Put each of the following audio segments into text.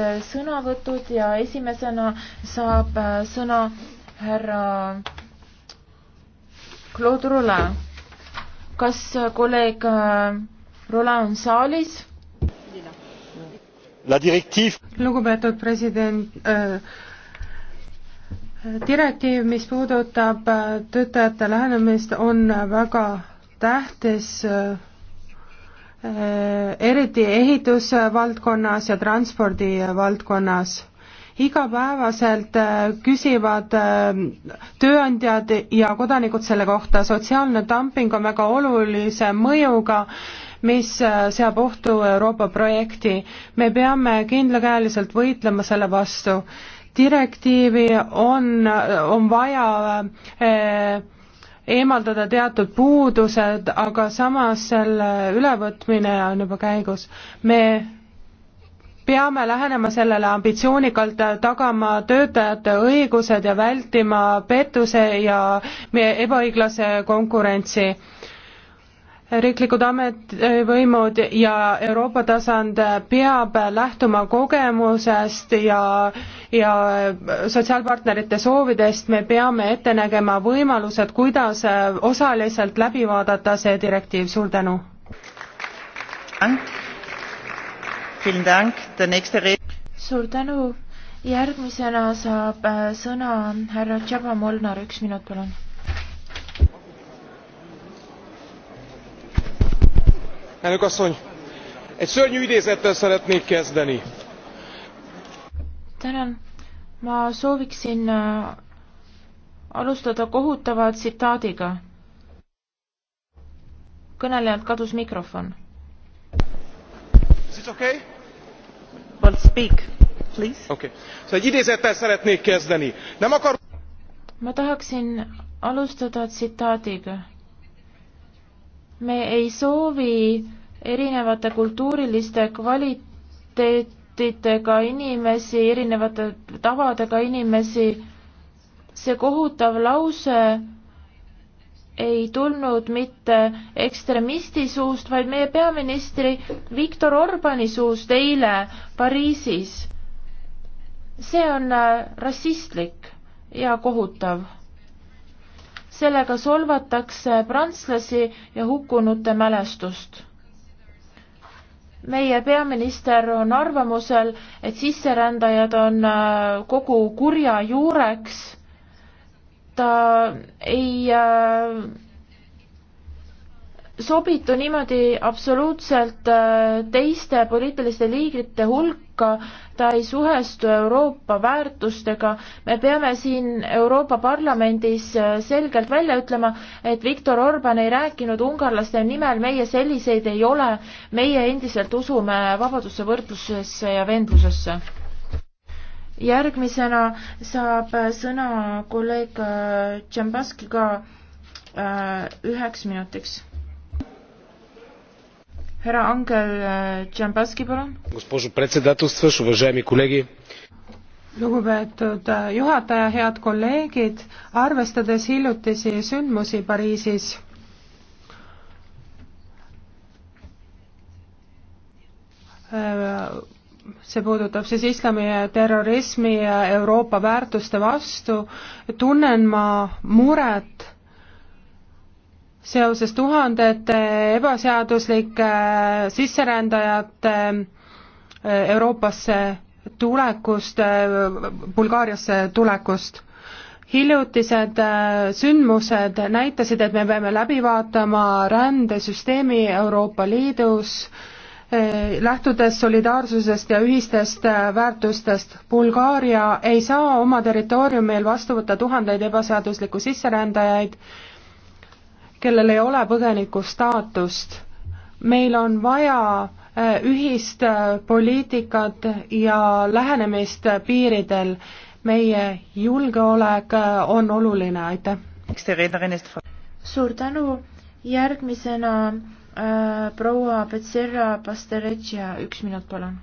Äh, sõnavõtud ja esimesena saab äh, sõna härra Claude Roland. kas äh, kolleeg Roland on saalis? Direktiiv... lugupeetud president äh,, direktiiv, mis puudutab töötajate lähenemist, on väga tähtis äh, Äh, eriti ehitusvaldkonnas ja transpordivaldkonnas. igapäevaselt äh, küsivad äh, tööandjad ja kodanikud selle kohta, sotsiaalne dumping on väga olulise mõjuga, mis seab ohtu Euroopa projekti. me peame kindlakäeliselt võitlema selle vastu. direktiivi on, on vaja eh, eemaldada teatud puudused, aga samas selle ülevõtmine on juba käigus. me peame lähenema sellele ambitsioonikalt, tagama töötajate õigused ja vältima pettuse ja ebaõiglase konkurentsi riiklikud ametivõimud ja Euroopa tasand peab lähtuma kogemusest ja, ja sotsiaalpartnerite soovidest, me peame ette nägema võimalused, kuidas osaliselt läbi vaadata see direktiiv, suur tänu. suur tänu, järgmisena saab äh, sõna härra Tšaba Molnar, üks minut palun elnök asszony egy szörnyű idézettel szeretnék kezdeni. tänan ma sooviksin äh, alustada kohutava tsitaadiga kõnelejalt kadus mikrofon. Okay? Well, speak, okay. so, egy idézettel szeretnék kezdeni. Nem akar... ma tahaksin alustada tsitaadiga. me ei soovi erinevate kultuuriliste kvaliteetidega inimesi, erinevate tavadega inimesi. see kohutav lause ei tulnud mitte ekstremisti suust, vaid meie peaministri Viktor Orbani suust eile Pariisis. see on äh, rassistlik ja kohutav. sellega solvatakse prantslasi ja hukkunute mälestust meie peaminister on arvamusel, et sisserändajad on äh, kogu kurja juureks. ta ei äh, sobitu niimoodi absoluutselt äh, teiste poliitiliste liigrite hulka, ta ei suhestu Euroopa väärtustega. me peame siin Euroopa Parlamendis äh, selgelt välja ütlema, et Viktor Orban ei rääkinud ungarlaste nimel, meie selliseid ei ole, meie endiselt usume vabadusse, võrdlusesse ja vendlusesse. järgmisena saab sõna kolleeg äh, Tšambaski ka üheks minutiks härra Angel äh, Tšambaski, palun. lugupeetud äh, juhataja, head kolleegid, arvestades hiljutisi sündmusi Pariisis, äh, see puudutab siis islami terrorismi ja Euroopa väärtuste vastu, tunnen ma muret seoses tuhandete ebaseaduslike äh, sisserändajate äh, Euroopasse tulekust, äh, Bulgaariasse tulekust. hiljutised sündmused näitasid, et me peame läbi vaatama rändesüsteemi Euroopa Liidus, lähtudes solidaarsusest ja ühistest väärtustest. Bulgaaria ei saa oma territooriumil vastu võtta tuhandeid ebaseaduslikku sisserändajaid kellel ei ole põgeniku staatust. meil on vaja äh, ühist äh, poliitikat ja lähenemist äh, piiridel. meie julgeolek on oluline, aitäh! suur tänu, järgmisena äh, proua Becerra Pastereccia, üks minut, palun.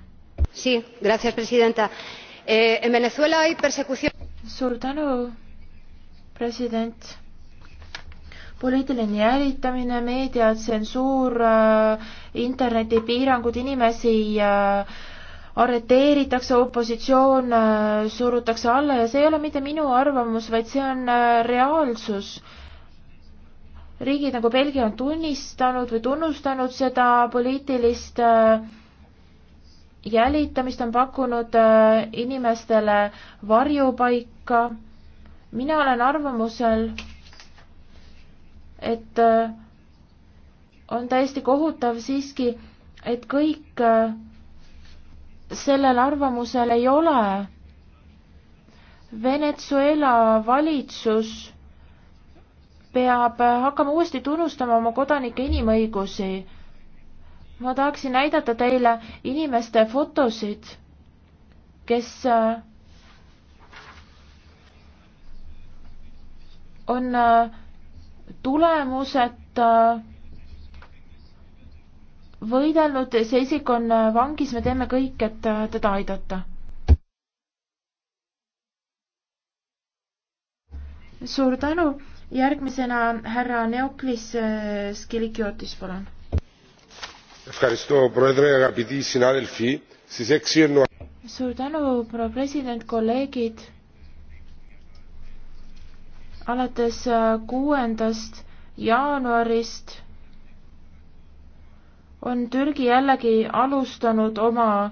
Sí, gracias, presidenta. Eh, en Venezuela hay persecución. Suur tänu, president poliitiline jälitamine, meediatsensuur, äh, internetipiirangud, inimesi äh, arreteeritakse, opositsioon äh, surutakse alla ja see ei ole mitte minu arvamus, vaid see on reaalsus. riigid nagu Belgia on tunnistanud või tunnustanud seda poliitilist jälitamist, on pakkunud inimestele varjupaika. mina olen arvamusel, et äh, on täiesti kohutav siiski, et kõik äh, sellel arvamusel ei ole. Venezuela valitsus peab äh, hakkama uuesti tunnustama oma kodanike inimõigusi. ma tahaksin näidata teile inimeste fotosid, kes on äh, tulemuseta äh, võidelnud, see isik on vangis, me teeme kõik, et äh, teda aidata. suur tänu, järgmisena härra Neoklis äh, Skilikiotis, palun. suur tänu, proua president, kolleegid alates äh, kuuendast jaanuarist on Türgi jällegi alustanud oma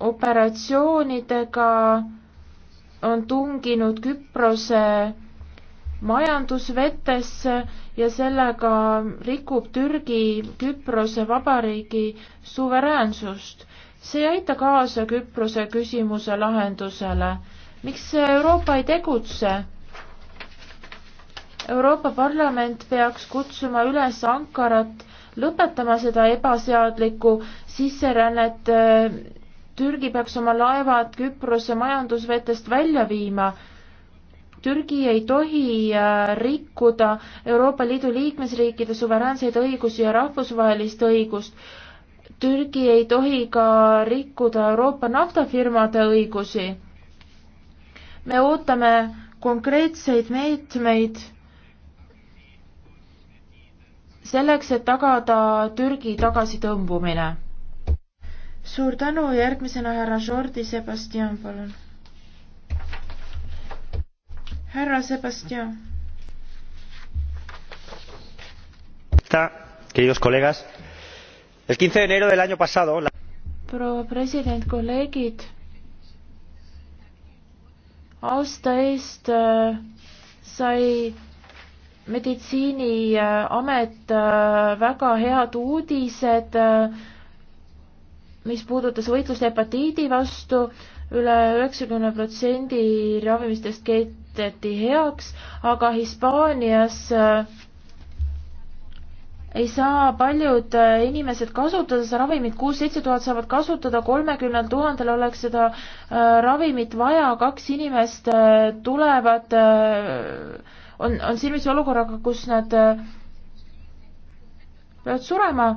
operatsioonidega, on tunginud Küprose majandusvetesse ja sellega rikub Türgi Küprose vabariigi suveräänsust. see ei aita kaasa Küprose küsimuse lahendusele. miks Euroopa ei tegutse? Euroopa Parlament peaks kutsuma üles Ankarat lõpetama seda ebaseadlikku sisserännet. Türgi peaks oma laevad Küprose majandusvetest välja viima. Türgi ei tohi äh, rikkuda Euroopa Liidu liikmesriikide suveräänseid õigusi ja rahvusvahelist õigust. Türgi ei tohi ka rikkuda Euroopa naftafirmade õigusi. me ootame konkreetseid meetmeid selleks, et tagada Türgi tagasitõmbumine. suur tänu, järgmisena härra Jordi Sebastian, palun. härra Sebastian. Queridos colegas, el 15 de enero del año pasado la... proua president, kolleegid, aasta eest äh, sai meditsiiniamet äh, väga head uudised, äh, mis puudutas võitlust hepatiidi vastu üle, üle üheksakümne protsendi ravimistest keeteti heaks, aga Hispaanias äh, ei saa paljud inimesed kasutada seda ravimit, kuus-seitse tuhat saavad kasutada, kolmekümnel tuhandel oleks seda ravimit vaja, kaks inimest tulevad äh, on, on silmis olukorraga, kus nad äh, peavad surema,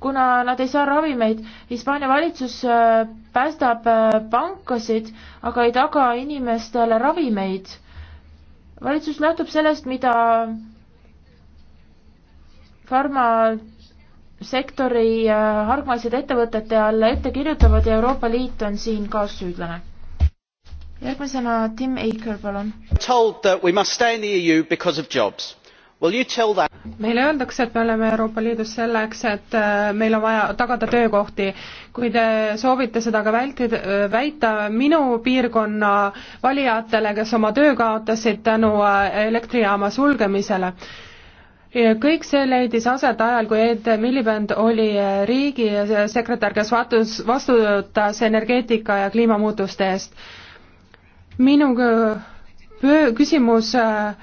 kuna nad ei saa ravimeid. Hispaania valitsus äh, päästab äh, pankasid, aga ei taga inimestele ravimeid. valitsus lähtub sellest, mida farmasektori hargmaised ettevõtete alla ette kirjutavad ja Euroopa Liit on siin kaassüüdlane järgmisena Tim Aker, palun. Well, e that... meile öeldakse, et me oleme Euroopa Liidus selleks, et äh, meil on vaja tagada töökohti. kui te soovite seda ka vältida, äh, väita minu piirkonna valijatele, kes oma töö kaotasid tänu äh, elektrijaama sulgemisele, kõik see leidis aset ajal, kui Ed Miliband oli riigisekretär, kes vatus, vastutas energeetika ja kliimamuutuste eest minu küsimus äh,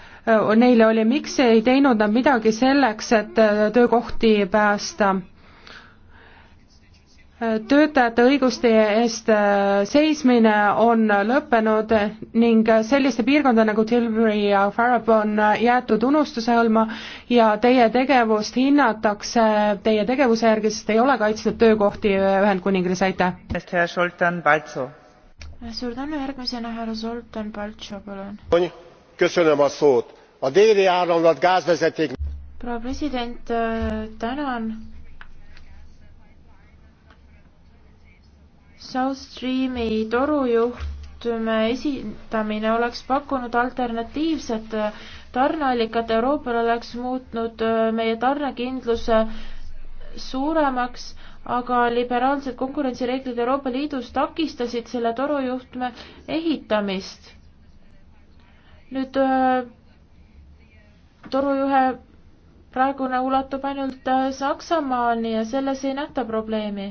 neile oli, miks ei teinud nad midagi selleks, et äh, töökohti päästa töötajate õiguste eest äh, seismine on lõppenud ning selliste piirkonda nagu Tilbury ja Farab on jäetud unustuse hõlma ja teie tegevust hinnatakse teie tegevuse järgi, sest ei ole kaitsnud töökohti Ühendkuningriigis, aitäh! suur tänu, järgmisena härra Zoltan Baltšo, palun. a déli áramlat gázvezeték. proua president, tänan. South Streami torujuhtme esindamine oleks pakkunud alternatiivset tarneallikat Euroopale, oleks muutnud meie tarnekindluse suuremaks aga liberaalsed konkurentsireeglid Euroopa Liidus takistasid selle torujuhtme ehitamist. nüüd äh, torujuhe praegune ulatub ainult äh, Saksamaani ja selles ei nähta probleemi.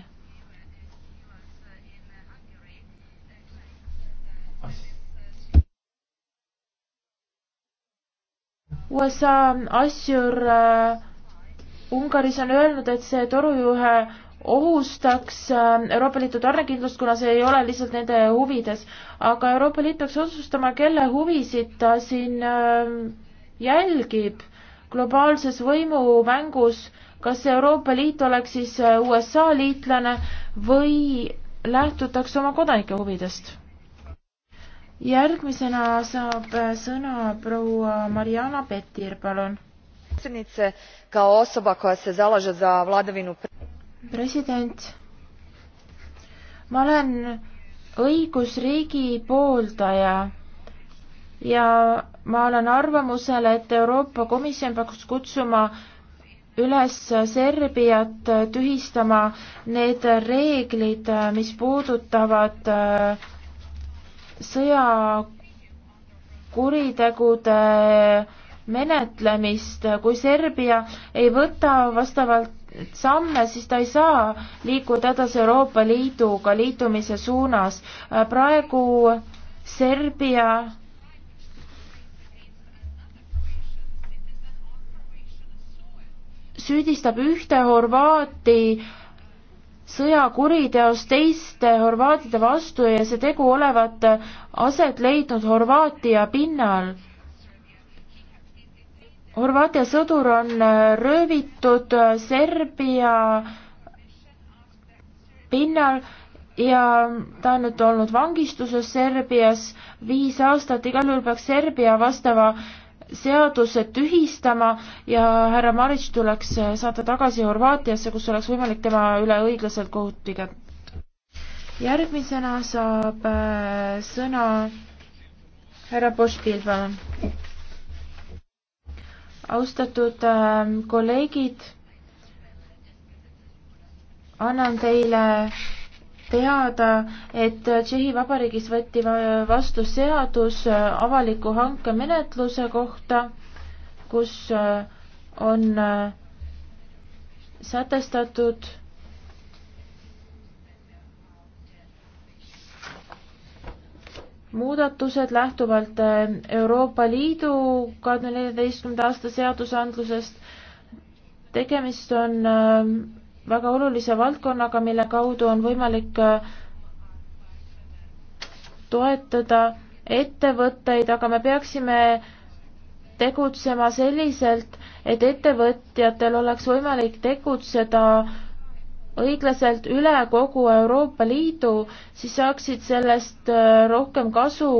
USA asjur äh, Ungaris on öelnud, et see torujuhe ohustaks äh, Euroopa Liidu tarnekindlust, kuna see ei ole lihtsalt nende huvides. aga Euroopa Liit peaks otsustama, kelle huvisid ta siin äh, jälgib globaalses võimumängus, kas Euroopa Liit oleks siis äh, USA liitlane või lähtutakse oma kodanike huvidest. järgmisena saab sõna proua Mariana Petir, palun. kao osoba koja se zalaže za vladavinu president, ma olen õigusriigi pooldaja ja ma olen arvamusel, et Euroopa Komisjon peaks kutsuma üles Serbiat tühistama need reeglid, mis puudutavad äh, sõjakuritegude menetlemist, kui Serbia ei võta vastavalt samme, siis ta ei saa liikuda edasi Euroopa Liiduga liitumise suunas. Äh, praegu Serbia süüdistab ühte Horvaati sõjakuriteos teiste horvaatide vastu ja see tegu olevat aset leidnud Horvaatia pinnal Horvaatia sõdur on äh, röövitud äh, Serbia pinnal ja ta on nüüd olnud vangistuses Serbias viis aastat, igal juhul peaks Serbia vastava seaduse tühistama ja härra Maric tuleks äh, saata tagasi Horvaatiasse, kus oleks võimalik tema üle õiglaselt kohut pidada. järgmisena saab sõna härra Pošpil, palun austatud ähm, kolleegid, annan teile teada, et Tšehhi Vabariigis võeti vastu seadus äh, avaliku hanke menetluse kohta, kus äh, on äh, sätestatud muudatused lähtuvalt äh, Euroopa Liidu kahe tuhande neljateistkümnenda aasta seadusandlusest. tegemist on äh, väga olulise valdkonnaga, mille kaudu on võimalik äh, toetada ettevõtteid, aga me peaksime tegutsema selliselt, et ettevõtjatel oleks võimalik tegutseda õiglaselt üle kogu Euroopa Liidu, siis saaksid sellest äh, rohkem kasu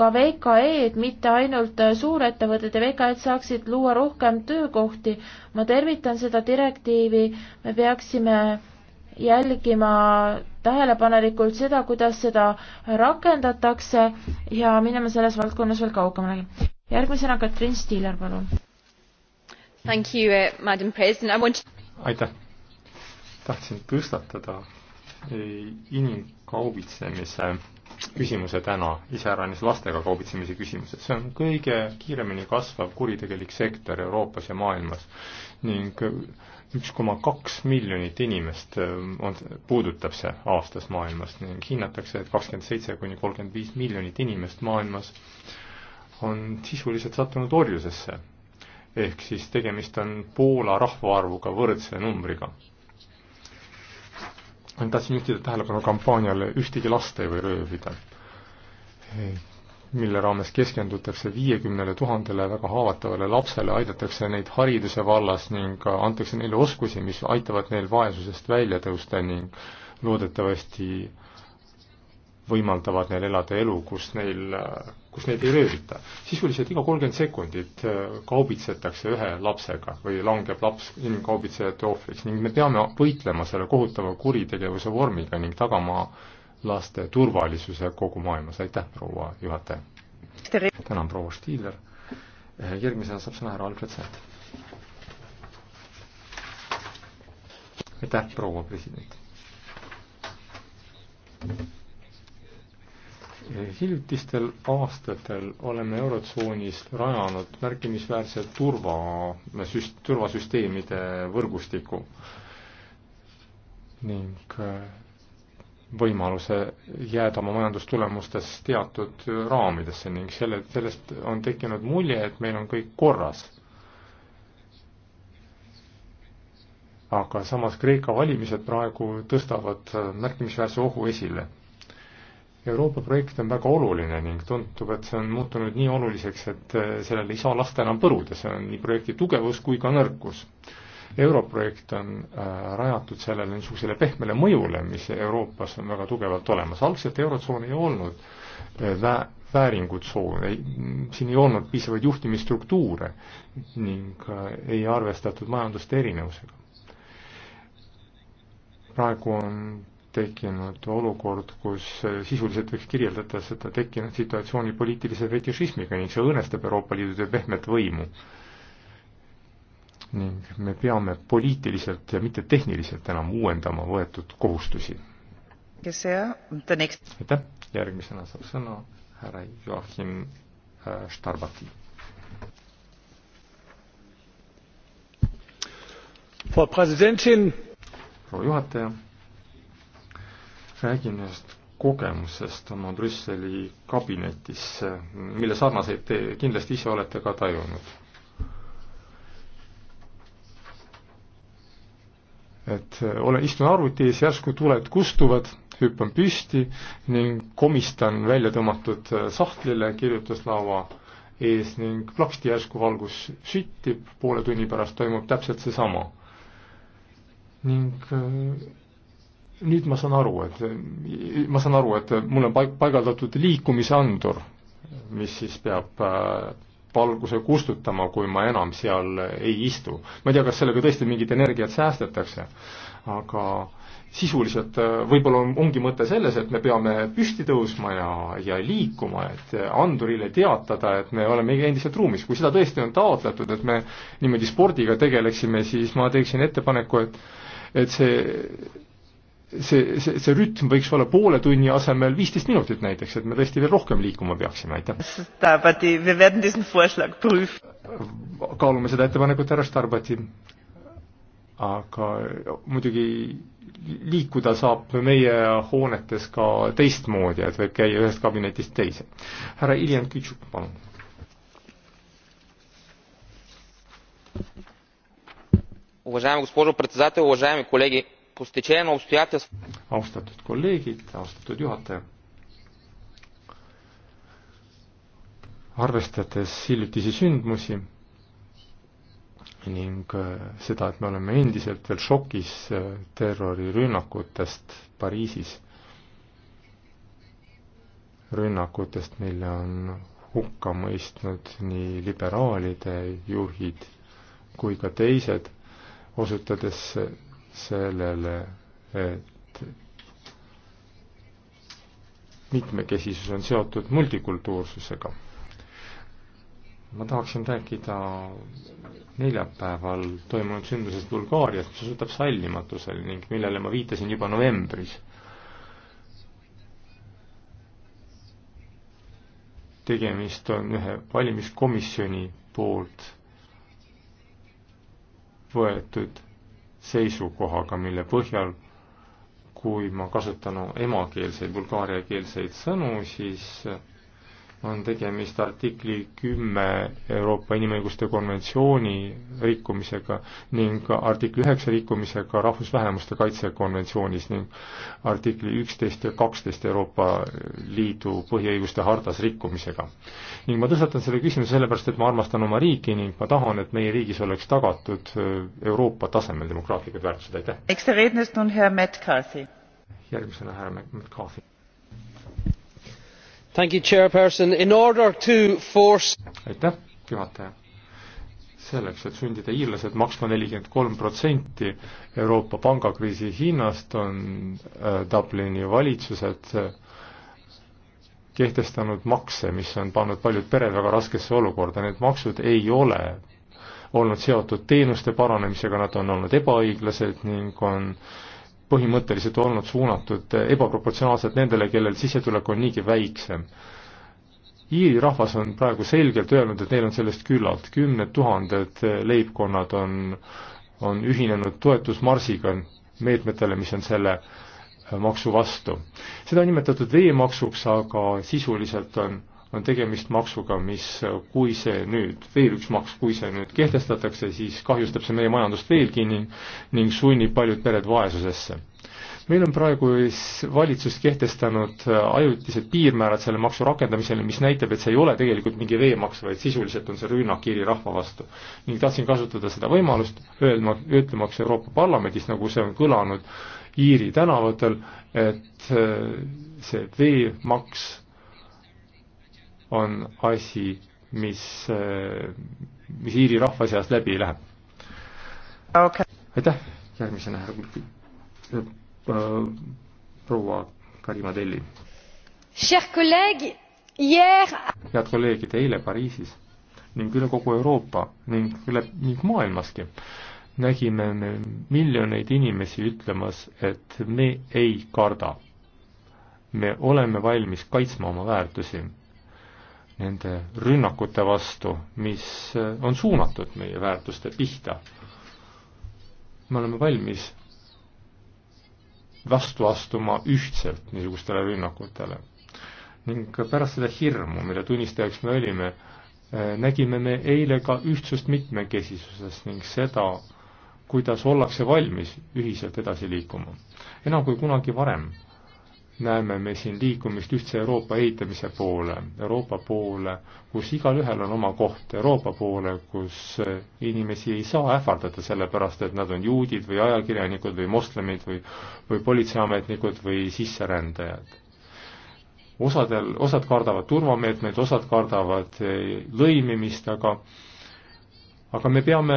ka VKE-d, mitte ainult äh, suurettevõtted ja VKE-d saaksid luua rohkem töökohti. ma tervitan seda direktiivi, me peaksime jälgima tähelepanelikult seda, kuidas seda rakendatakse ja minema selles valdkonnas veel kaugemale. järgmisena Katrin Stiiler, palun. To... Eh, aitäh tahtsin tõstatada e, inimkaubitsemise küsimuse täna, iseäranis lastega kaubitsemise küsimuse. see on kõige kiiremini kasvav kuritegelik sektor Euroopas ja maailmas ning üks koma kaks miljonit inimest e, on, puudutab see aastas maailmas ning hinnatakse, et kakskümmend seitse kuni kolmkümmend viis miljonit inimest maailmas on sisuliselt sattunud orjusesse. ehk siis tegemist on Poola rahvaarvuga võrdse numbriga ma tahtsin juhtida tähelepanu kampaaniale Ühtegi last ei või röövida, mille raames keskendutakse viiekümnele tuhandele väga haavatavale lapsele, aidatakse neid hariduse vallas ning antakse neile oskusi, mis aitavad neil vaesusest välja tõusta ning loodetavasti võimaldavad neil elada elu, kus neil kus neid ei röövita. sisuliselt iga kolmkümmend sekundit äh, kaubitsetakse ühe lapsega või langeb laps inimkaubitsejate ohvriks ning me peame võitlema selle kohutava kuritegevuse vormiga ning tagama laste turvalisuse kogu maailmas, aitäh, proua juhataja! tänan, proua Stiiler, äh, järgmisena saab sõna härra Alfred Sätt. aitäh, proua president! hiljutistel aastatel oleme Eurotsoonis rajanud märkimisväärse turva, süst-, turvasüsteemide võrgustiku ning äh, võimaluse jääda oma majandustulemustes teatud raamidesse ning selle, sellest on tekkinud mulje, et meil on kõik korras aga samas Kreeka valimised praegu tõstavad märkimisväärse ohu esile. Euroopa projekt on väga oluline ning tundub, et see on muutunud nii oluliseks, et äh, sellele ei saa lasta enam põruda, see on nii projekti tugevus kui ka nõrkus. Europrojekt on äh, rajatud sellele niisugusele pehmele mõjule, mis Euroopas on väga tugevalt olemas, algselt Eurotsoon ei olnud äh, vä-, vääringutsoon, ei, siin ei olnud piisavaid juhtimisstruktuure ning ei arvestatud majanduste erinevusega. praegu on tekkinud olukord, kus sisuliselt võiks kirjeldada seda tekkinud situatsiooni poliitilise fetišismiga ning see õõnestab Euroopa Liidu töö pehmet võimu. ning me peame poliitiliselt ja mitte tehniliselt enam uuendama võetud kohustusi. aitäh, järgmisena saab sõna härra Joachim äh, Starbati. proua juhataja räägin ühest kogemusest oma Brüsseli kabinetis, mille sarnaseid te kindlasti ise olete ka tajunud. et olen, istun arvuti ees, järsku tuled kustuvad, hüppan püsti ning komistan välja tõmmatud äh, sahtlile kirjutuslaua ees ning plaksti järsku valgus süttib, poole tunni pärast toimub täpselt seesama. ning äh, nüüd ma saan aru, et ma saan aru, et mul on paik-, paigaldatud liikumisandur, mis siis peab äh, valguse kustutama, kui ma enam seal ei istu. ma ei tea, kas sellega tõesti mingit energiat säästetakse, aga sisuliselt äh, võib-olla on, ongi mõte selles, et me peame püsti tõusma ja, ja liikuma, et andurile teatada, et me oleme endiselt ruumis. kui seda tõesti on taotletud, et me niimoodi spordiga tegeleksime, siis ma teeksin ettepaneku, et et see see, see, see rütm võiks olla poole tunni asemel viisteist minutit näiteks, et me tõesti veel rohkem liikuma peaksime, aitäh. kaalume seda ettepanekut härra Starbati. aga muidugi liikuda saab meie hoonetes ka teistmoodi, et võib käia ühest kabinetist teise. härra Iljan Kütšuk, palun. Уважаема госпожо председател, уважаеми колеги, kus Tšetšeenia obstjates austatud kolleegid, austatud juhataja. arvestades hiljutisi sündmusi ning äh, seda, et me oleme endiselt veel šokis äh, terrorirünnakutest Pariisis, rünnakutest, mille on hukka mõistnud nii liberaalide juhid kui ka teised, osutades sellele, et mitmekesisus on seotud multikultuursusega. ma tahaksin rääkida neljapäeval toimunud sündmusest Bulgaarias, mis osutab sallimatusele ning millele ma viitasin juba novembris. tegemist on ühe valimiskomisjoni poolt võetud seisukohaga, mille põhjal kui ma kasutan emakeelseid bulgaariakeelseid sõnu, siis on tegemist artikli kümme Euroopa Inimõiguste konventsiooni rikkumisega ning artikli üheksa rikkumisega rahvusvähemuste kaitsekonventsioonis ning artikli üksteist ja kaksteist Euroopa Liidu põhiõiguste hartas rikkumisega. ning ma tõstatan selle küsimuse sellepärast, et ma armastan oma riiki ning ma tahan, et meie riigis oleks tagatud äh, Euroopa tasemel demokraatlikud väärtused, aitäh! järgmisena härra McCarthy Force... aitäh, juhataja. selleks, et sundida iirlased maksma nelikümmend kolm protsenti Euroopa pangakriisi hinnast, on äh, Dublini valitsused äh, kehtestanud makse, mis on pannud paljud pered väga raskesse olukorda, need maksud ei ole olnud seotud teenuste paranemisega, nad on olnud ebaõiglased ning on äh, põhimõtteliselt olnud suunatud ebaproportsionaalselt nendele, kellel sissetulek on niigi väiksem. Iiri rahvas on praegu selgelt öelnud, et neil on sellest küllalt, kümned tuhanded leibkonnad on, on ühinenud toetusmarsiga meetmetele, mis on selle maksu vastu. seda on nimetatud veemaksuks, aga sisuliselt on äh, on tegemist maksuga, mis, kui see nüüd, veel üks maks, kui see nüüd kehtestatakse, siis kahjustab see meie majandust veelgi ning, ning sunnib paljud pered vaesusesse. meil on praegu valitsus kehtestanud ajutised piirmäärad selle maksu rakendamisele, mis näitab, et see ei ole tegelikult mingi veemaks, vaid sisuliselt on see rünnak Iiri rahva vastu. ning tahtsin kasutada seda võimalust, öelma, ütlemaks Euroopa Parlamendis, nagu see on kõlanud Iiri tänavatel, et äh, see veemaks on asi, mis, eh, mis Iiri rahva seas läbi läheb okay.. aitäh, järgmisena härra äh, proua Karima Telli. head kolleegid, eile Pariisis ning üle kogu Euroopa ning üle, ning maailmaski nägime me miljoneid inimesi ütlemas, et me ei karda. me oleme valmis kaitsma oma väärtusi nende rünnakute vastu, mis eh, on suunatud meie väärtuste pihta. me oleme valmis vastu astuma ühtselt niisugustele rünnakutele. ning pärast seda hirmu, mille tunnistajaks me olime, eh, nägime me eile ka ühtsust mitmekesisuses ning seda, kuidas ollakse valmis ühiselt edasi liikuma. enam kui kunagi varem näeme me siin liikumist ühtse Euroopa ehitamise poole, Euroopa poole, kus igalühel on oma koht, Euroopa poole, kus inimesi ei saa ähvardada sellepärast, et nad on juudid või ajakirjanikud või moslemid või, või politseiametnikud või sisserändajad. osadel, osad kardavad turvameetmeid, osad kardavad lõimimist, aga aga me peame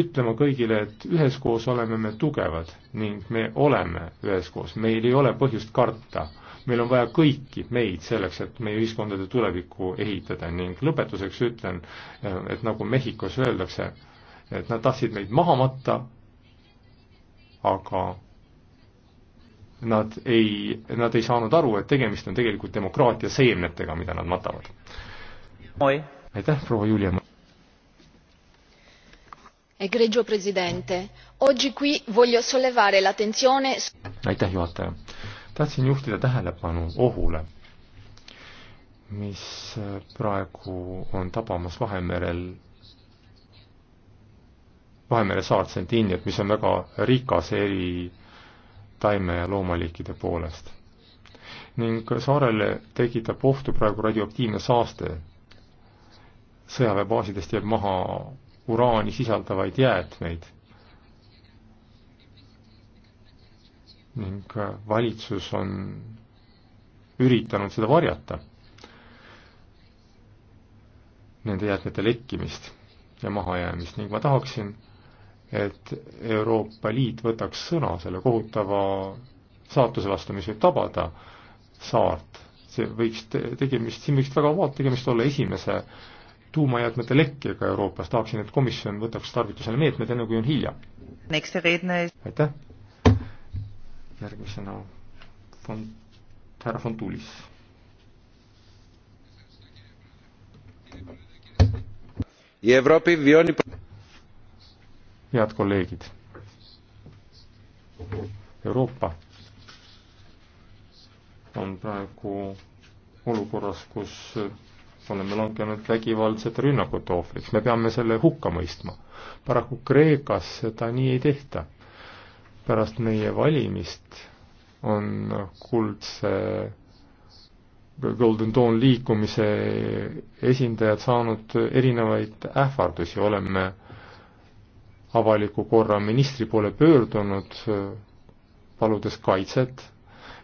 ütlema kõigile, et üheskoos oleme me tugevad ning me oleme üheskoos, meil ei ole põhjust karta. meil on vaja kõiki meid selleks, et meie ühiskondade tulevikku ehitada ning lõpetuseks ütlen, et nagu Mehhikos öeldakse, et nad tahtsid meid maha matta, aga nad ei, nad ei saanud aru, et tegemist on tegelikult demokraatia seemnetega, mida nad matavad. aitäh, proua Julia! egregio presidente oggi qui voglio sollevare l'attenzione. aitäh juhataja tahtsin juhtida tähelepanu ohule mis äh, praegu on tabamas Vahemerel Vahemere saart Sentiiniat, mis on väga rikas eri taime- ja loomaliikide poolest. ning saarele tekitab ohtu praegu radioaktiivne saaste. sõjaväebaasidest jääb maha uraani sisaldavaid jäätmeid. ning valitsus on üritanud seda varjata, nende jäätmete lekkimist ja mahajäämist ning ma tahaksin, et Euroopa Liit võtaks sõna selle kohutava saatuse vastu, mis võib tabada saart see võiks te, tegemist, siin võiks väga vabalt tegemist olla esimese tuumajäätmete lekkega Euroopas, tahaksin, et komisjon võtaks tarvitusele meetmed, enne kui on hilja. aitäh! järgmisena fond, härra Fontulis. head kolleegid! Euroopa on praegu olukorras, kus oleme langenud vägivaldsete rünnakute ohvriks, me peame selle hukka mõistma. paraku Kreekas seda nii ei tehta. pärast meie valimist on kuldse Golden Dawn liikumise esindajad saanud erinevaid ähvardusi, oleme avaliku korra ministri poole pöördunud, paludes kaitset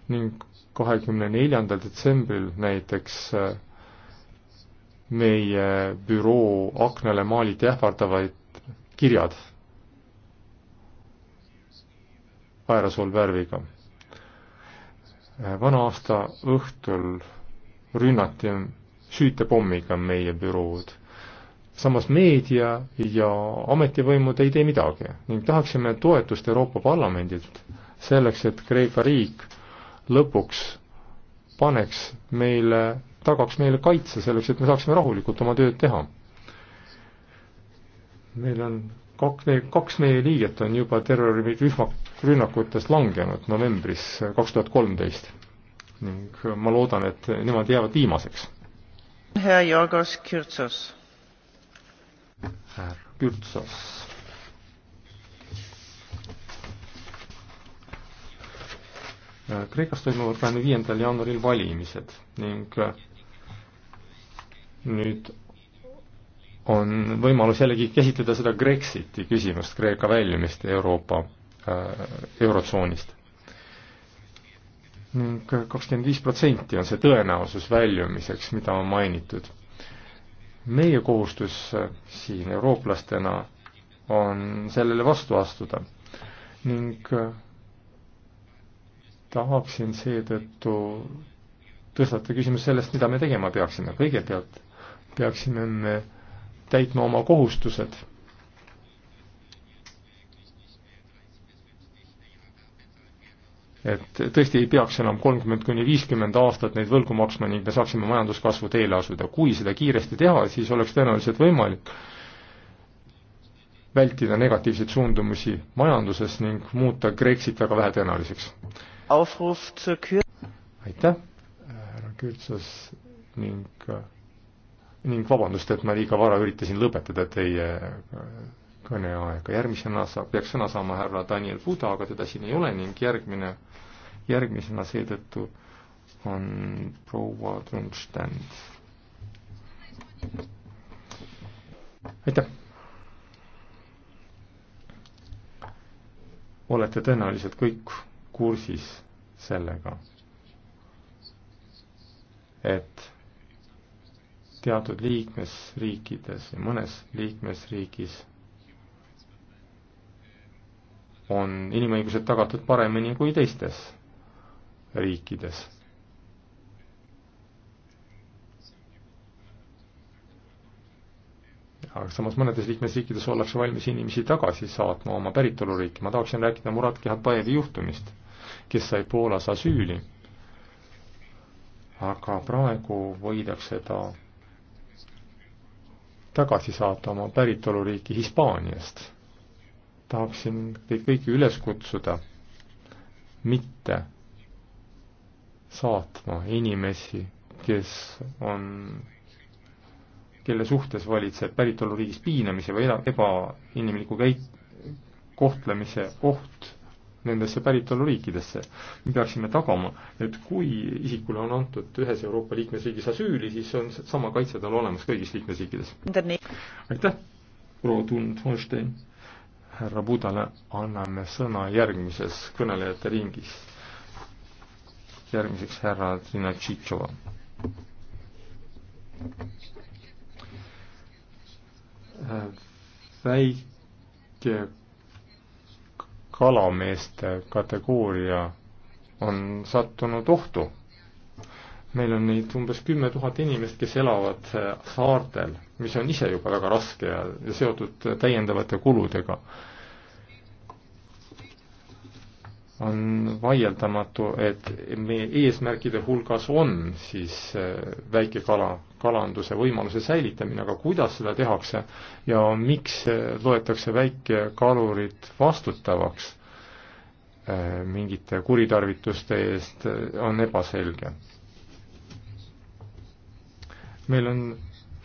ning kahekümne neljandal detsembril näiteks meie büroo aknale maaliti ähvardavaid kirjad aerosoolvärviga. vana aasta õhtul rünnati süütepommiga meie bürood. samas meedia ja ametivõimud ei tee midagi ning tahaksime toetust Euroopa Parlamendilt selleks, et Kreeka riik lõpuks paneks meile tagaks meile kaitse selleks, et me saaksime rahulikult oma tööd teha. meil on kak-, kaks meie liiget on juba terrorirühma rünnakutest langenud novembris kaks tuhat kolmteist ning ma loodan, et nemad jäävad viimaseks. hea Jorgos Kürtsos. härra Kürtsos. Kreekas toimuvad kahekümne viiendal jaanuaril valimised ning nüüd on võimalus jällegi käsitleda seda Brexiti küsimust, Kreeka väljumist Euroopa äh,, Eurotsoonist. ning kakskümmend viis protsenti on see tõenäosus väljumiseks, mida on mainitud. meie kohustus siin eurooplastena on sellele vastu astuda ning äh, tahaksin seetõttu tõstata küsimuse sellest, mida me tegema peaksime, kõigepealt peaksime me täitma oma kohustused. et tõesti ei peaks enam kolmkümmend kuni viiskümmend aastat neid võlgu maksma ning me saaksime majanduskasvu teele asuda. kui seda kiiresti teha, siis oleks tõenäoliselt võimalik vältida negatiivseid suundumusi majanduses ning muuta Brexit väga vähetõenäoliseks. aitäh, härra Kürtsas ning äh, ning vabandust, et ma liiga vara üritasin lõpetada teie äh, kõneaega, järgmisena saab, peaks sõna saama härra Daniel Buda, aga teda siin ei ole ning järgmine, järgmisena seetõttu on proua Trunstand. aitäh! olete tõenäoliselt kõik kursis sellega, et teatud liikmesriikides ja mõnes liikmesriigis on inimõigused tagatud paremini kui teistes riikides. aga samas mõnedes liikmesriikides ollakse valmis inimesi tagasi saatma oma päritoluriiki, ma tahaksin rääkida Murat Kihatajevi juhtumist, kes sai Poolas asüüli, aga praegu võidakse ta tagasi saata oma päritoluriiki Hispaaniast. tahaksin teid kõiki üles kutsuda mitte saatma inimesi, kes on, kelle suhtes valitseb päritoluriigis piinamise või ebainimliku käit-, kohtlemise oht nendesse päritoluriikidesse. me peaksime tagama, et kui isikule on antud ühes Euroopa liikmesriigis asüüli, siis on sama kaitse tal olemas kõigis liikmesriikides. aitäh, proua Tund Holstein. härra Budale anname sõna järgmises kõnelejate ringis. järgmiseks härra Trina Tšitšova. väike kalameeste kategooria on sattunud ohtu. meil on neid umbes kümme tuhat inimest, kes elavad äh, saartel, mis on ise juba väga raske ja, ja seotud äh, täiendavate kuludega. on vaieldamatu, et meie eesmärkide hulgas on siis äh, väikekala kalanduse võimaluse säilitamine, aga kuidas seda tehakse ja miks loetakse väikekalurid vastutavaks eh, mingite kuritarvituste eest, eh, on ebaselge. meil on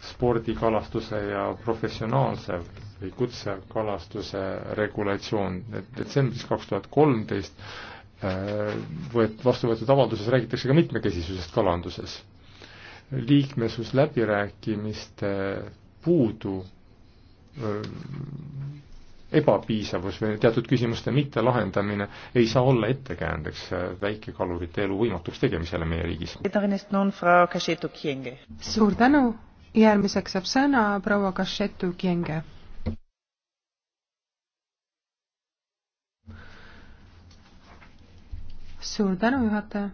spordikalastuse ja professionaalse või kutsekalastuse regulatsioon, et detsembris kaks tuhat kolmteist eh, võet-, vastu võetud avalduses räägitakse ka mitmekesisusest kalanduses liikmesusläbirääkimiste puudu ebapiisavus või teatud küsimuste mittelahendamine ei saa olla ettekäändeks äh, väikekalurite elu võimatuks tegemisele meie riigis. suur tänu, järgmiseks saab sõna proua Kašetu Kienge. suur tänu, juhataja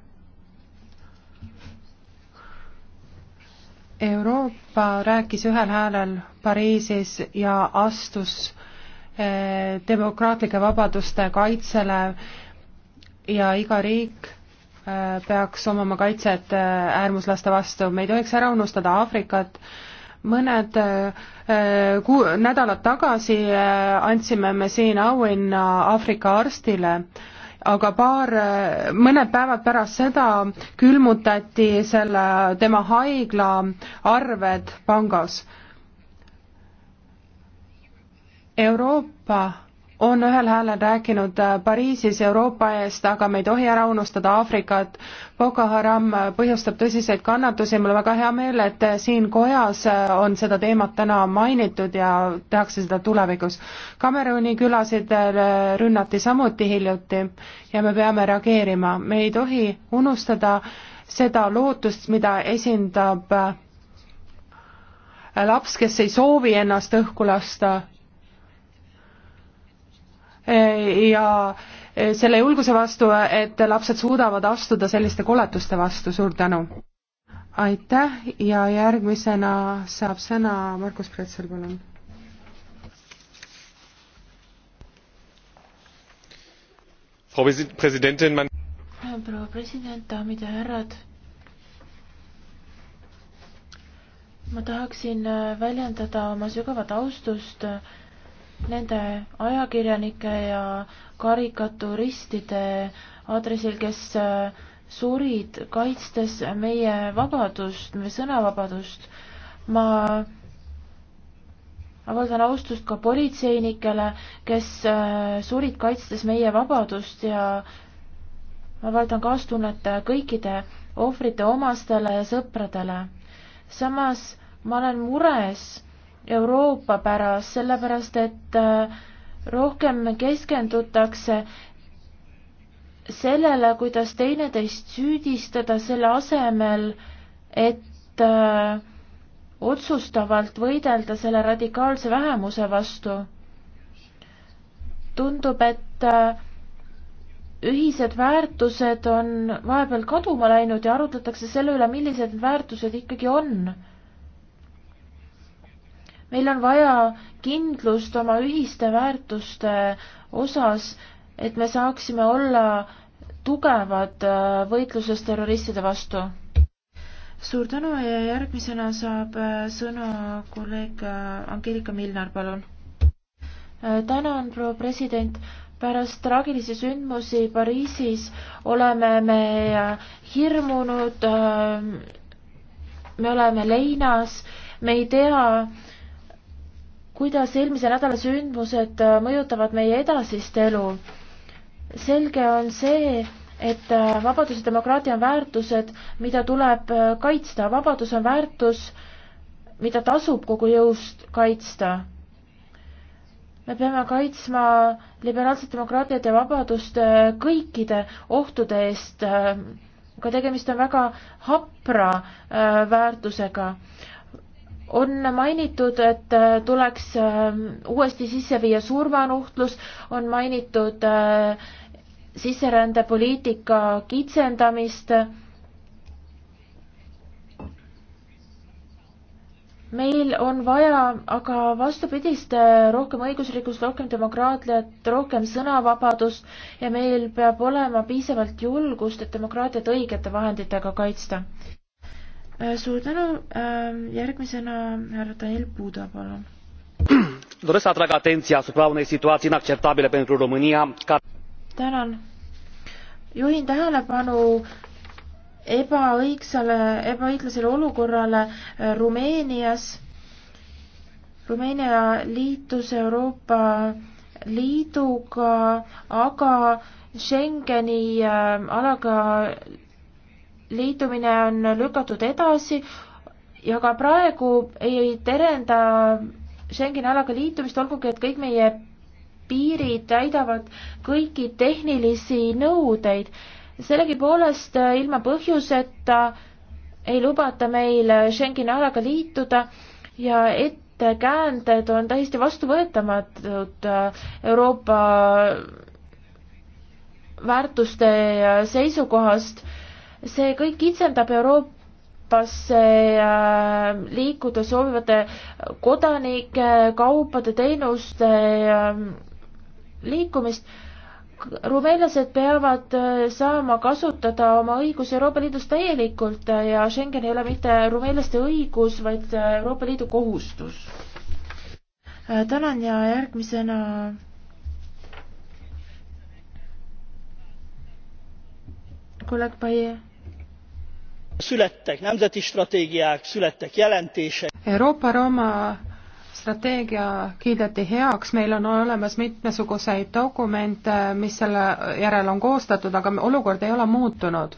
Euroopa rääkis ühel häälel Pariisis ja astus eh, demokraatlike vabaduste kaitsele ja iga riik eh, peaks omama kaitset eh, äärmuslaste vastu. me ei tohiks ära unustada Aafrikat, mõned kuu-, nädalad tagasi andsime me siin auhinna Aafrika arstile, aga paar, mõned päevad pärast seda külmutati selle, tema haigla arved pangas. Euroopa on ühel häälel rääkinud äh, Pariisis Euroopa eest, aga me ei tohi ära unustada Aafrikat. Boko Haram äh, põhjustab tõsiseid kannatusi, mul on väga hea meel, et äh, siin kojas on seda teemat täna mainitud ja tehakse seda tulevikus. Kameruni külasid rünnati samuti hiljuti ja me peame reageerima, me ei tohi unustada seda lootust, mida esindab laps, kes ei soovi ennast õhku lasta ja e, selle julguse vastu, et lapsed suudavad astuda selliste koletuste vastu, suur tänu! aitäh ja järgmisena saab sõna Markus Pretzel, palun. proua president, daamid ja härrad ma tahaksin äh, väljendada oma sügavat austust nende ajakirjanike ja karikaturistide aadressil, kes äh, surid, kaitstes meie vabadust, meie sõnavabadust. ma avaldan austust ka politseinikele, kes äh, surid, kaitstes meie vabadust ja ma avaldan kaastunnet kõikide ohvrite omastele ja sõpradele. samas ma olen mures Euroopa pärast, sellepärast et äh, rohkem keskendutakse sellele, kuidas teineteist süüdistada, selle asemel, et äh, otsustavalt võidelda selle radikaalse vähemuse vastu. tundub, et äh, ühised väärtused on vahepeal kaduma läinud ja arutletakse selle üle, millised need väärtused ikkagi on meil on vaja kindlust oma ühiste väärtuste osas, et me saaksime olla tugevad äh, võitluses terroristide vastu. suur tänu ja järgmisena saab äh, sõna kolleeg äh, Angeelika Milnar, palun. tänan, proua president. pärast traagilisi sündmusi Pariisis oleme me hirmunud, me oleme leinas, me ei tea, kuidas eelmise nädala sündmused äh, mõjutavad meie edasist elu. selge on see, et äh, vabadus ja demokraatia on väärtused, mida tuleb äh, kaitsta. vabadus on väärtus, mida tasub kogu jõust kaitsta. me peame kaitsma liberaalset demokraatiat ja vabadust kõikide ohtude eest, aga tegemist on väga hapra väärtusega on mainitud, et äh, tuleks ähm, uuesti sisse viia surmanuhtlus, on mainitud äh, sisserändepoliitika kitsendamist. meil on vaja aga vastupidist, äh, rohkem õigusrikkust, rohkem demokraatiat, rohkem sõnavabadust ja meil peab olema piisavalt julgust, et demokraatiat õigete vahenditega kaitsta. Äh, suur tänu, ähm, järgmisena härra Daniel Puuda, palun. doresc să atrag atenția asupra unei situații inacceptabile pentru România ca tänan. juhin tähelepanu ebaõigsele, ebaõiglasele olukorrale äh, Rumeenias. Rumeenia liitus Euroopa Liiduga, aga Schengeni äh, alaga liitumine on lükatud edasi ja ka praegu ei terenda Schengeni alaga liitumist, olgugi et kõik meie piirid täidavad kõiki tehnilisi nõudeid. sellegipoolest äh, ilma põhjuseta ei lubata meil äh, Schengeni alaga liituda ja ettekäänded on täiesti vastuvõetamatud äh, Euroopa väärtuste seisukohast see kõik kitsendab Euroopasse äh, liikuda soovivate kodanike, kaupade, teenuste äh, liikumist. rumeenlased peavad äh, saama kasutada oma õigusi Euroopa Liidus täielikult ja Schengen ei ole mitte rumeenlaste õigus, vaid Euroopa Liidu kohustus. tänan ja järgmisena kolleeg Paie születtek nemzeti stratégiák, születtek jelentések. Euroopa Rooma strateegia kiideti heaks, meil on olemas mitmesuguseid dokumente, mis selle järel on koostatud, aga olukord ei ole muutunud.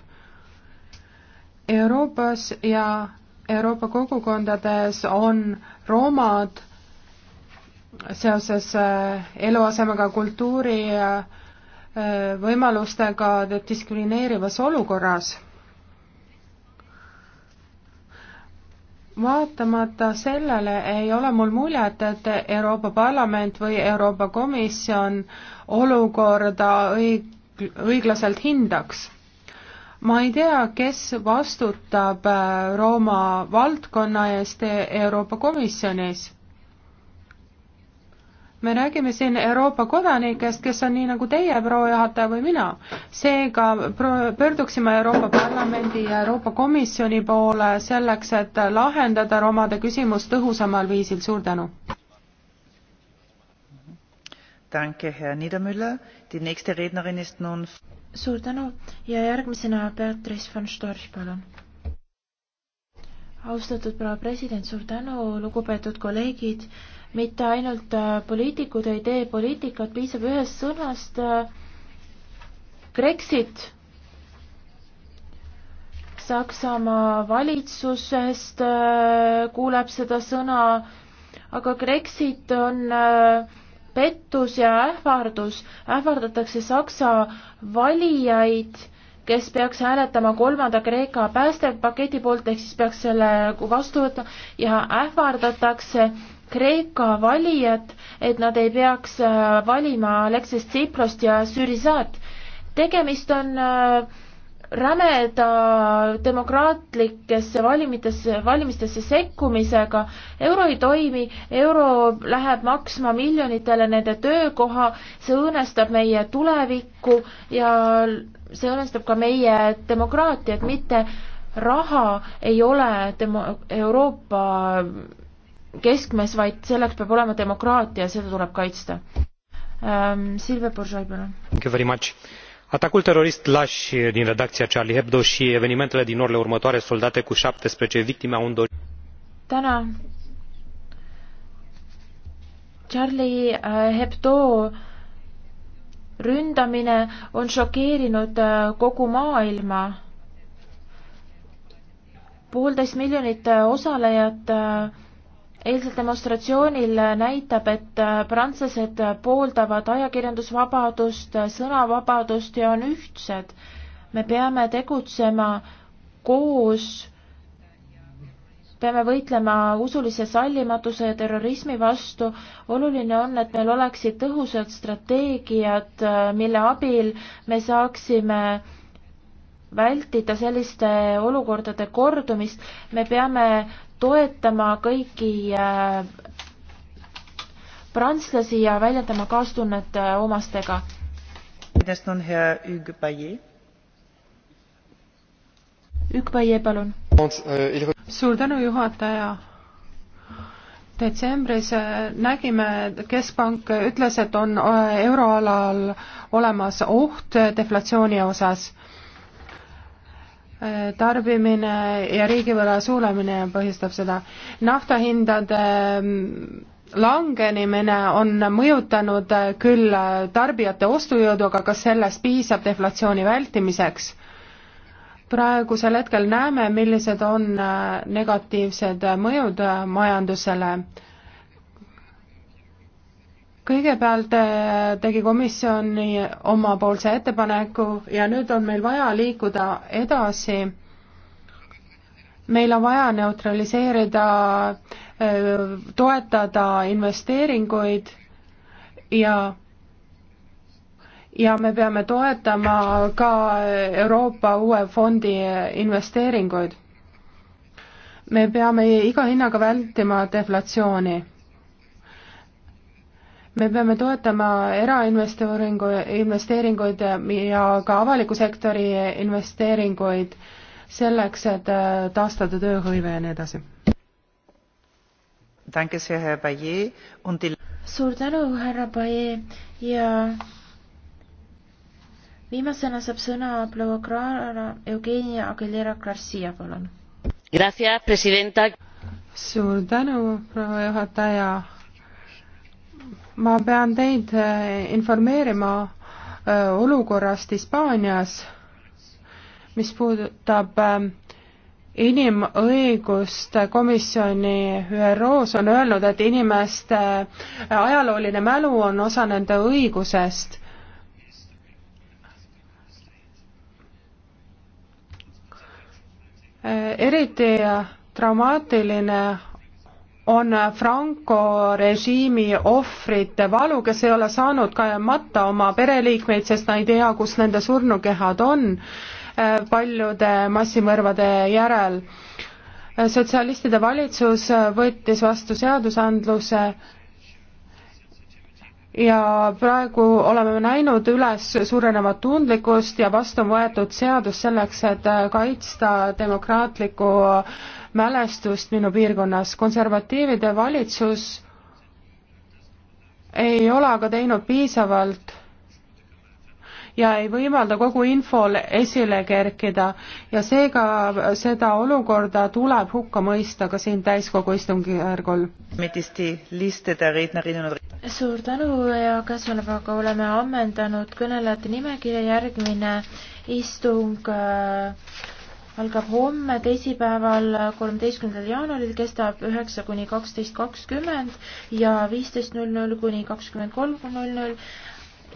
Euroopas ja Euroopa kogukondades on roomad seoses äh, eluasemega, kultuuri ja äh, äh, võimalustega diskrimineerivas olukorras vaatamata sellele ei ole mul muljet, et Euroopa Parlament või Euroopa Komisjon olukorda õig-, õiglaselt hindaks. ma ei tea, kes vastutab äh, Rooma valdkonna eest Euroopa Komisjonis me räägime siin Euroopa kodanikest, kes on nii nagu teie, proua juhataja, või mina. seega pöörduksime Euroopa Parlamendi ja Euroopa Komisjoni poole selleks, et lahendada romade küsimus tõhusamal viisil, suur tänu. Danke, Herr Niedermüller. Die nächste Rednerin ist nun suur tänu ja järgmisena Beatrice von Storch, palun austatud proua president, suur tänu, lugupeetud kolleegid mitte ainult äh, poliitikud ei tee poliitikat, piisab ühest sõnast äh, Brexit. Saksamaa valitsusest äh, kuuleb seda sõna, aga Brexit on pettus ja ähvardus, ähvardatakse Saksa valijaid kes peaks hääletama kolmanda Kreeka päästepaketi poolt, ehk siis peaks selle vastu võtma ja ähvardatakse, Kreeka valijad, et nad ei peaks äh, valima Alexis Tsiprast ja Syrizat. tegemist on äh, rämeda demokraatlikesse valimitesse, valimistesse sekkumisega. euro ei toimi, euro läheb maksma miljonitele nende töökoha, see õõnestab meie tulevikku ja see õõnestab ka meie demokraatiat, mitte raha ei ole demo-, Euroopa keskmes, vaid selleks peab olema demokraatia, seda tuleb kaitsta ähm,. Silvia Boržoi, palun. atacul terorist laș din redacția charlie hebdo și evenimentele din orele următoare soldate cu șaptesprezece victime au îndoit. täna Charlie äh, Hebdo ründamine on šokeerinud äh, kogu maailma. poolteist miljonit äh, osalejat eilsel demonstratsioonil näitab, et äh, prantslased pooldavad ajakirjandusvabadust, sõnavabadust ja on ühtsed. me peame tegutsema koos, peame võitlema usulise sallimatuse ja terrorismi vastu. oluline on, et meil oleksid tõhusad strateegiad, äh, mille abil me saaksime vältida selliste olukordade kordumist, me peame toetama kõiki äh, prantslasi ja väljendama kaastunnet äh, omastega. Ükpaie, palun. suur tänu, juhataja. detsembris äh, nägime, Keskpank ütles, et on euroalal olemas oht deflatsiooni osas tarbimine ja riigivõla suuremine põhjustab seda. naftahindade mm, langenemine on mõjutanud küll tarbijate ostujõudu, aga kas sellest piisab deflatsiooni vältimiseks? praegusel hetkel näeme, millised on äh, negatiivsed mõjud äh, majandusele kõigepealt äh, tegi komisjon omapoolse ettepaneku ja nüüd on meil vaja liikuda edasi. meil on vaja neutraliseerida, äh, toetada investeeringuid ja ja me peame toetama ka Euroopa uue fondi investeeringuid. me peame iga hinnaga vältima deflatsiooni me peame toetama erainvesteeringu, investeeringuid ja ka avaliku sektori investeeringuid selleks, et äh, taastada tööhõive ja nii edasi. suur tänu, härra Paie ja viimasena saab sõna proua Clara Eugenia Aguilera Garcia, palun. suur tänu, proua juhataja ma pean teid äh, informeerima äh, olukorrast Hispaanias, mis puudutab äh, inimõiguste komisjoni ÜRO-s on öelnud, et inimeste ajalooline mälu on osa nende õigusest. eriti traumaatiline on Franco režiimi ohvrite valu, kes ei ole saanud ka matta oma pereliikmeid, sest nad ei tea, kus nende surnukehad on äh, paljude massimõrvade järel. Äh, sotsialistide valitsus äh, võttis vastu seadusandluse ja praegu oleme näinud üles suurenevat tundlikkust ja vastu on võetud seadus selleks, et kaitsta demokraatlikku mälestust minu piirkonnas. konservatiivide valitsus ei ole aga teinud piisavalt ja ei võimalda kogu infol esile kerkida ja seega seda olukorda tuleb hukka mõista ka siin täiskogu istungjärgul. suur tänu ja käesolevaga oleme ammendanud kõnelejate nimekirja, järgmine istung äh, algab homme, teisipäeval, kolmeteistkümnendal jaanuaril, kestab üheksa kuni kaksteist kakskümmend ja viisteist null null kuni kakskümmend kolm null null.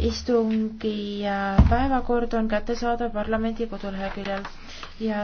istungi äh, päevakord on kättesaadav parlamendi koduleheküljel ja